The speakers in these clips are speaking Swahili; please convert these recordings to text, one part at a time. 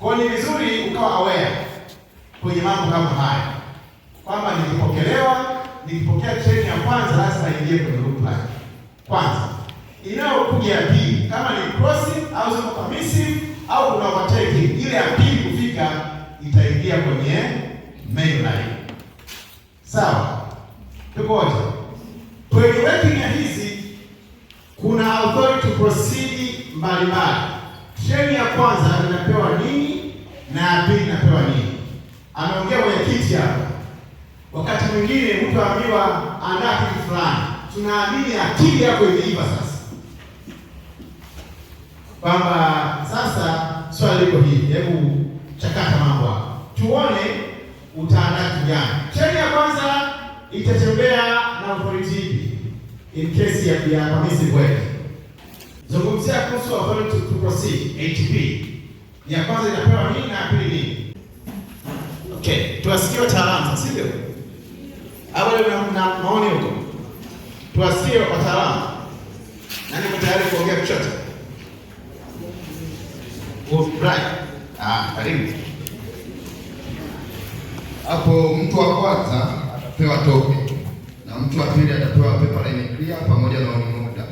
Kwa hiyo ni vizuri ukawa aware kwenye mambo kama haya kwamba nikipokelewa, nikipokea treni ya kwanza lazima ingie kwenye group line kwanza, inayokuja ya pili, kama ni crossing au zipo permissive au kuna overtaking, ile ya pili kufika itaingia kwenye main line. Sawa, tuko wote kwenye working ya hizi. Kuna authority to proceed mbalimbali. Treni ya kwanza inapewa na ya pili napewa nini? Ameongea mwenyekiti hapa. Wakati mwingine mtu aambiwa andaa kitu fulani, tunaamini akili yako imeiva sasa, kwamba sasa swali liko hivi, hebu chakata mambo hapo, tuone utaandaa kitu gani. ya kwanza itatembea na authority in case ya ya permissive work. Zungumzia kuhusu authority to proceed ATP ya kwanza inapewa nini na ya pili nini? Okay, tuwasikie wataalamu sasa, sivyo? Au na maoni huko, tuwasikie wataalamu. Nani yuko tayari kuongea chochote? Ah, karibu hapo. Mtu wa kwanza atapewa topic na mtu wa pili atapewa pepa line clear pamoja na muda,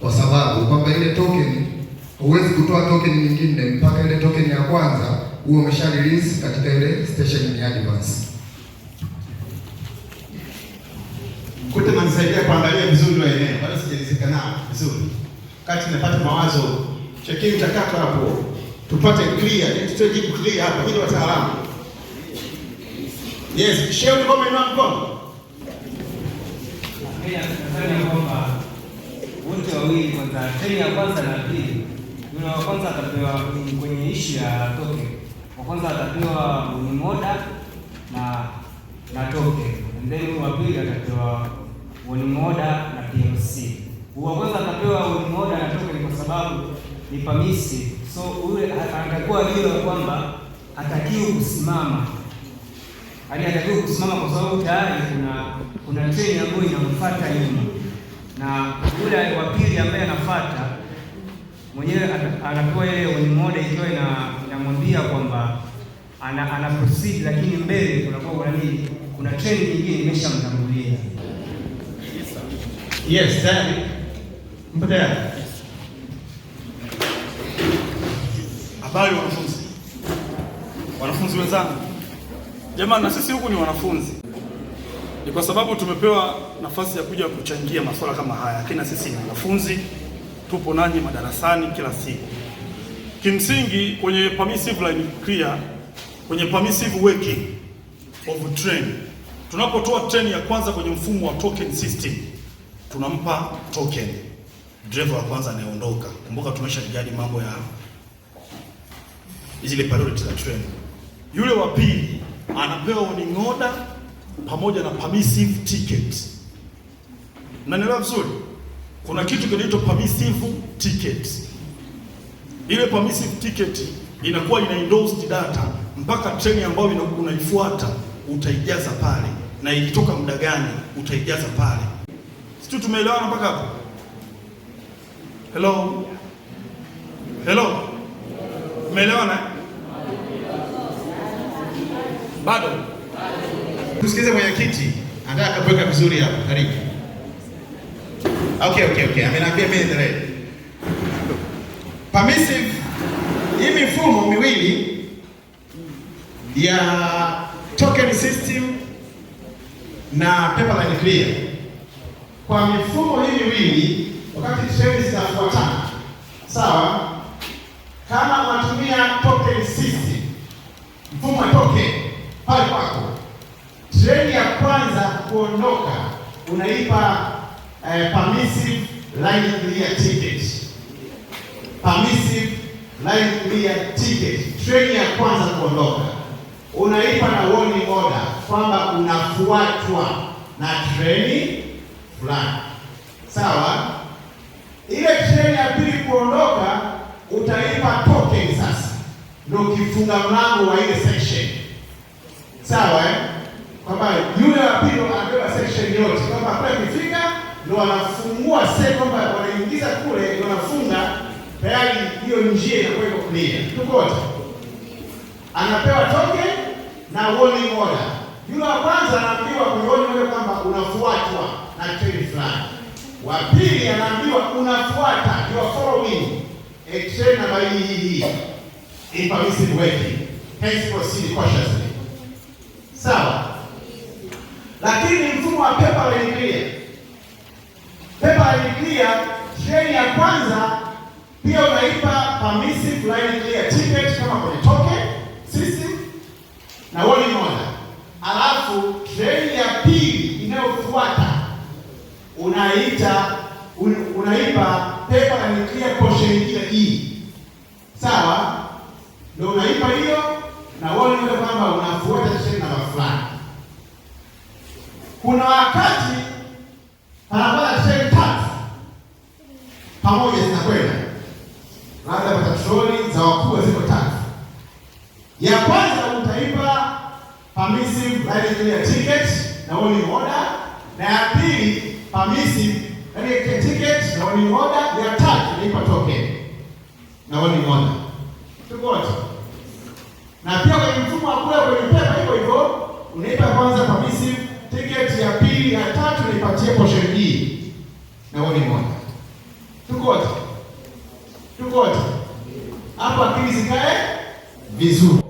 kwa sababu kwamba ile token Huwezi kutoa token nyingine mpaka ile token ya kwanza huo umesha release katika ile station ya advance. Kute manisaidia kuangalia vizuri wa eneo, bado sijalizika nao vizuri. Kati napata mawazo, cheki mchakato hapo. Tupate clear, tutoe jibu clear hapo ili wataalamu. Yes, share ni kama inao mkono. Pia nasema kwamba wote wawili kwanza, tena ya kwanza na pili yule wa kwanza atapewa kwenye ishi ya toke, wa kwanza atapewa mwenye moda na na toke, then wa pili atapewa mwenye moda na pmc Wa kwanza atapewa mwenye moda na toke ni kwa sababu ni pamisi, so yule atakuwa ajue kwamba hatakiwi kusimama hadi yaani hatakiwi kusimama kwa sababu tayari kuna kuna treni ambayo inamfuata nyuma, na yule wa pili ambaye anafuata anapewa ile onimoda ikiwa inamwambia kwamba ana, ana proceed, lakini mbele kunakuwa kuna nini? Kuna trend nyingine imeshamtangulia. Yes, tayari mpo tayari? Habari wanafunzi, wanafunzi wenzangu, jamani, na sisi huku ni wanafunzi, ni kwa sababu tumepewa nafasi ya kuja kuchangia masuala kama haya, lakini na sisi ni wanafunzi tupo nanyi madarasani kila siku. Kimsingi kwenye permissive line clear, kwenye permissive working of train, tunapotoa train ya kwanza kwenye mfumo wa token system, tunampa token driver wa kwanza anayeondoka. Kumbuka tumeshajadili mambo ya zile priority za train. Yule wa pili anapewa warning order pamoja na permissive ticket. Nanielewa vizuri? kuna kitu kinaitwa permissive ticket. Ile permissive ticket inakuwa ina endorsed data mpaka treni ambayo unaifuata utaijaza pale, na ikitoka muda gani utaijaza pale. Sisi tumeelewana mpaka hapo? Hello, hello, umeelewana bado? Tusikize mwenyekiti, anataka kuweka vizuri hapo. Karibu. Okay, okay, okay. Ameniambia mimi endelee. Permissive hii mifumo miwili ya token system na paper line clear. Kwa mifumo hii miwili wakati treni zinafuatana, sawa? Kama unatumia token system, mfumo wa token pale kwako, treni ya kwanza kuondoka unaipa uh, permissive line clear ticket, permissive line clear ticket. Treni ya kwanza kuondoka, unaipa na warning order kwamba unafuatwa na treni fulani, sawa. Ile treni ya pili kuondoka, utaipa token sasa, ndio ukifunga mlango wa ile section, sawa eh? kwamba yule wa pili anabeba section yote, kwamba hakuna kifika ndio wanafungua sasa, kwamba wanaingiza kule, ndio wanafunga tayari, hiyo njia inakuwa iko clear. Tukoje? Anapewa token na warning order. Yule wa kwanza anaambiwa kwenye warning order kwamba unafuatwa na train fulani. Wa pili anaambiwa unafuata, you are following a train na hii hii hii, impermissible working, hence proceed cautiously. Sawa, lakini mfumo wa paper clear aliingia train ya kwanza, pia unaipa permissive line ya ticket kama kwenye token system na wali moja, alafu train ya pili inayofuata unaita un, unaipa paper na nuclear portion nyingine hii, e. sawa, ndio unaipa hiyo na wali order kwamba unafuata train namba fulani. Kuna wakati pamoja zinakwenda labda patatroli za wakuu ziko tatu. Ya kwanza utaipa permissive yaani ya ticket na only order, na ya pili permissive yaani ya ticket na only order, ya tatu unaipa token na only order. Tuko wote. Na pia kwenye mfumo wa kula kwenye pepa hivyo hivyo, unaipa kwanza permissive ticket, ya pili, ya tatu unaipatia portion hii na only order. Jesus